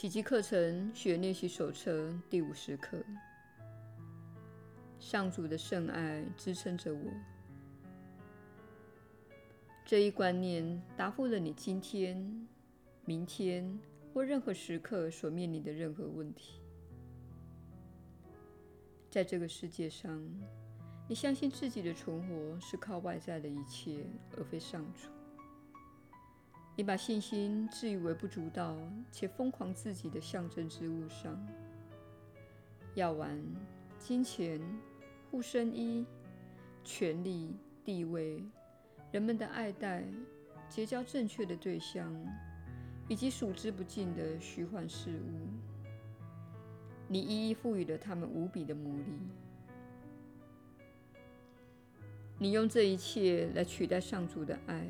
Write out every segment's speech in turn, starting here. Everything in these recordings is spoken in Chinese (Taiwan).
奇蹟課程學練習手冊第五十課：上主的聖愛支撐着我。這一觀念答復了你今天、明天或任何時刻所面臨的任何問題。在這個世界上，你相信自己的存活是靠外在的一切，而非上主。你把信心置於微不足道且瘋狂自己的象徵之物上：藥丸、金錢、護身衣、權力、地位、人們的愛戴、結交正確的對象，以及數之不盡的虛幻事物。你一一賦予了他們無比的魔力。你用這一切來取代上主的愛。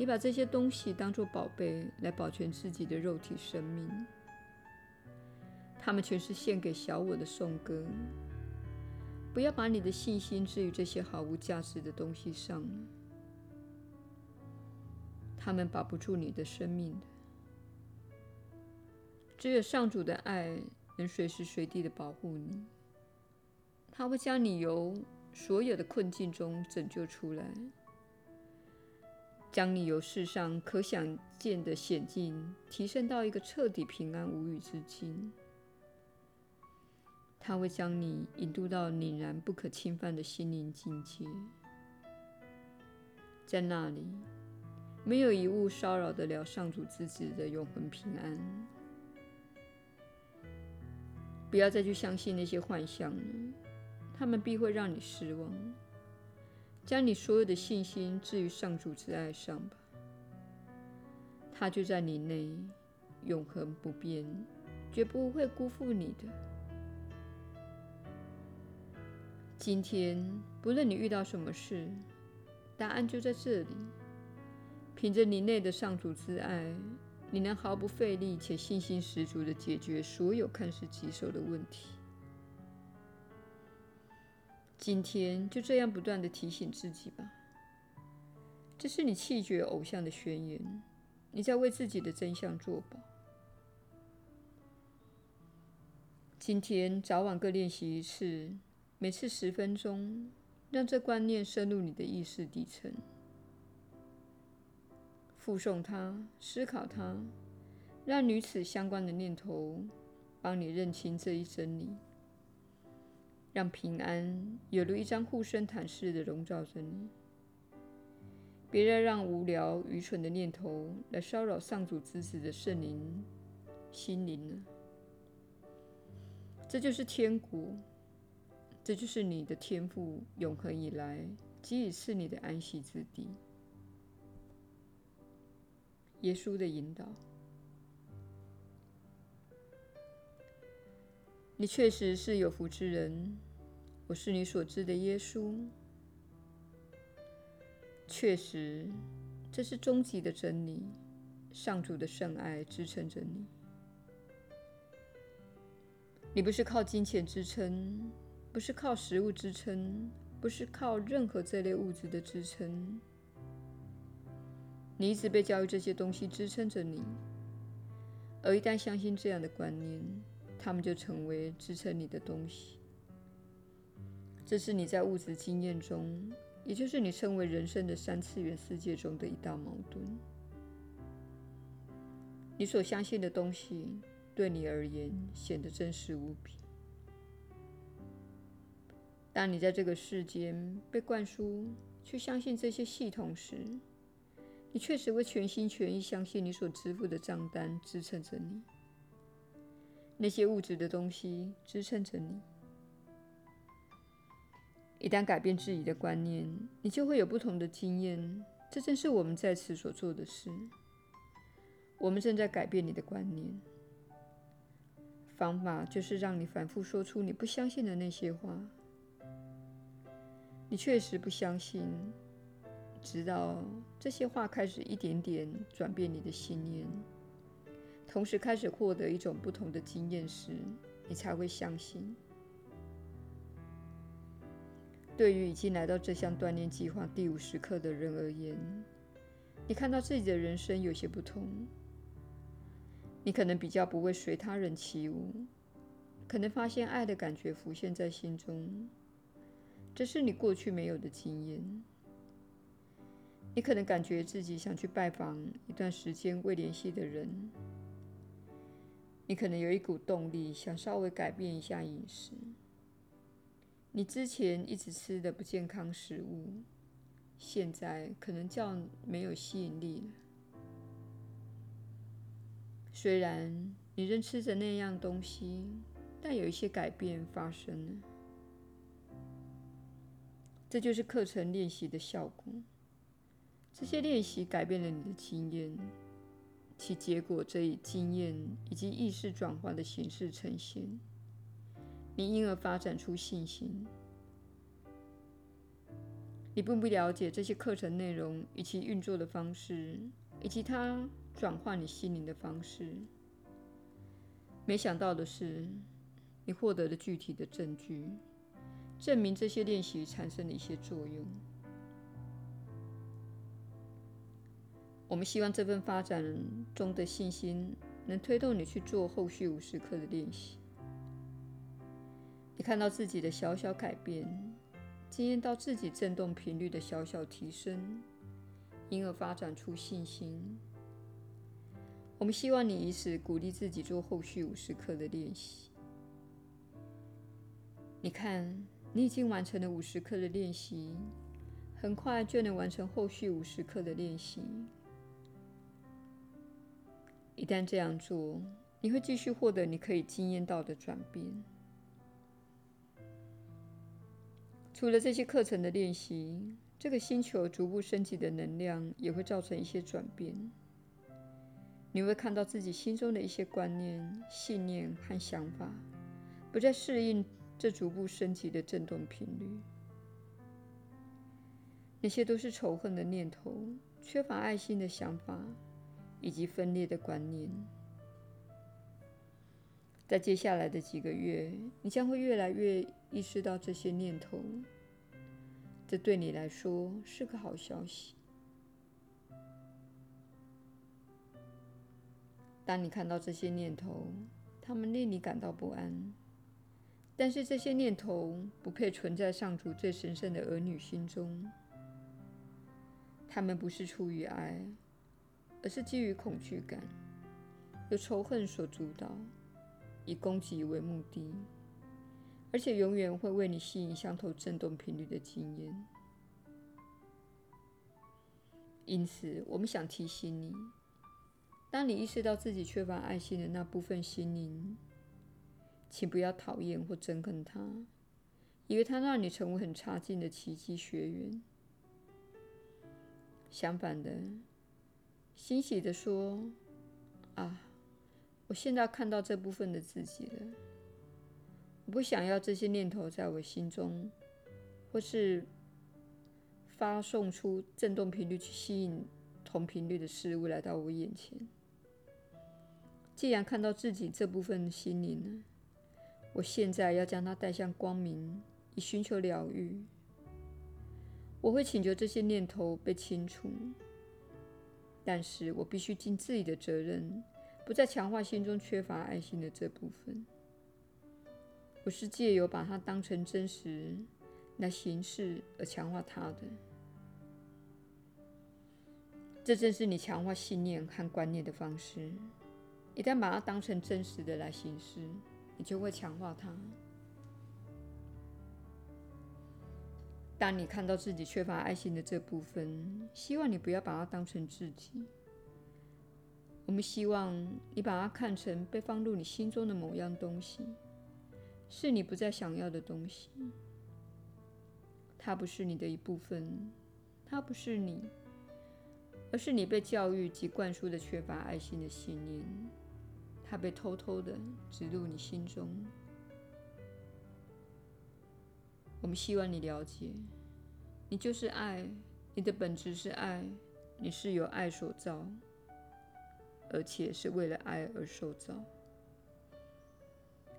你把這些東西當做寶貝來保全自己的肉體生命，他們全是獻給小我的頌歌。不要把你的信心置於這些毫無價值的東西上了，他們保不住你的生命。只有上主的愛能隨時隨地的保護你，他會將你由所有的困境中拯救出來，將你由世上可想見的險境提升到一個徹底平安無虞之境，他會將你引渡到凜然不可侵犯的心靈境界，在那裡，沒有一物騷擾得了上主之子的永恆平安。不要再去相信那些幻象了，他們必會讓你失望。將你所有的信心置於上主之愛上吧，他就在你內，永恆不變，絕不會辜負你的。今天，不論你遇到什麼事，答案就在這裡。憑着你內的上主之愛，你能毫不費力且信心十足地解決所有看似棘手的問題。今天就這樣不斷的提醒自己吧，這是你棄絕偶像的宣言，你在為自己的真相作保。今天早晚各練習一次，每次十分鐘，讓這觀念深入你的意識底層，復誦它，思考它，讓與此相關的念頭幫你認清這一真理。讓平安有如一張護身毯似的籠罩着你，別再讓無聊、愚蠢的念頭來騷擾上主之子的聖靈心靈了。這就是天國，這就是你的天父永恆以來給予賜你的安息之地。耶穌的引導。你確實是有福之人，我是你所知的耶穌。確實，這是終極的真理。上主的聖愛支撐着你。你不是靠金錢支撐，不是靠食物支撐，不是靠任何這類物質的支撐。你一直被教育這些東西支撐着你，而一旦相信這樣的觀念。他們就成為支撐你的東西，這是你在物質經驗中，也就是你稱為人生的三次元世界中的一大矛盾。你所相信的東西，對你而言顯得真實無比。當你在這個世間被灌輸去相信這些系統時，你確實會全心全意相信你所支付的賬單支撐着你。那些物質的東西支撐着你。一旦改變自己的觀念，你就會有不同的經驗。這正是我們在此所做的事。我們正在改變你的觀念。方法就是讓你反覆說出你不相信的那些話。你確實不相信，直到這些話開始一點點轉變你的信念。同時開始獲得一種不同的經驗時，你才會相信。對於已經來到這項鍛鍊計劃第五十課的人而言，你看到自己的人生有些不同。你可能比較不會隨他人起舞，可能發現愛的感覺浮現在心中，這是你過去沒有的經驗。你可能感覺自己想去拜訪一段時間未聯繫的人。你可能有一股動力，想稍微改變一下飲食。你之前一直吃的不健康食物，現在可能比較沒有吸引力了。雖然你正吃着那樣東西，但有一些改變發生了。這就是課程練習的效果。這些練習改變了你的經驗。其結果則以經驗，以及意識轉化的形式呈現，你因而發展出信心。你並不，不了解這些課程內容以其運作的方式，以及它轉化你心靈的方式。沒想到的是，你獲得了具體的證據，證明這些練習產生了一些作用。我們希望這份發展中的信心能推動你去做後續五十課的練習。你看到自己的小小改變，經驗到自己振動頻率的小小提升，因而發展出信心。我們希望你以此鼓勵自己做後續五十課的練習。你看，你已經完成了五十課的練習，很快就能完成後續五十課的練習。一旦這樣做，你會繼續獲得你可以經驗到的轉變。除了這些課程的練習，這個星球逐步升級的能量也會造成一些轉變。你會看到自己心中的一些觀念、信念和想法，不再適應這逐步升級的振動頻率。那些都是仇恨的念頭，缺乏愛心的想法。以及分裂的觀念，在接下來的幾個月，你將會越來越意識到這些念頭。這對你來說是個好消息。當你看到這些念頭，他們令你感到不安，但是這些念頭不配存在上主最神聖的兒女心中。他們不是出於愛。而是基於恐懼感，由仇恨所主導，以攻擊為目的，而且永遠會為你吸引相同振動頻率的經驗。因此，我們想提醒你：當你意識到自己缺乏愛心的那部分心靈，請不要討厭或憎恨它，以為它讓你成為很差勁的奇蹟學員。相反的。欣喜地說：“啊，我現在看到這部分的自己了。我不想要這些念頭在我心中，或是發送出震動頻率去吸引同頻率的事物來到我眼前。既然看到自己這部分的心靈了，我現在要將它帶向光明，以尋求療癒。我會請求這些念頭被清除。”但是我必須盡自己的責任，不再強化心中缺乏愛心的這部分。我是借由把它當成真實來行事而強化它的。這正是你強化信念和觀念的方式。一旦把它當成真實的來行事，你就會強化它。當你看到自己缺乏愛心的這部分，希望你不要把它當成自己。我們希望你把它看成被放入你心中的某樣東西，是你不再想要的東西。它不是你的一部分，它不是你，而是你被教育及灌輸的缺乏愛心的信念。它被偷偷地植入你心中。我們希望你了解，你就是愛，你的本質是愛，你是由愛所造，而且是為了愛而受造。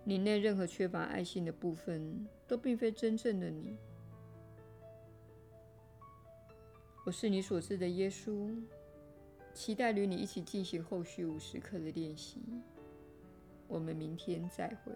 你內任何缺乏愛心的部分，都並非真正的你。我是你所知的耶穌，期待與你一起進行後續五十課的練習。我們明天再會。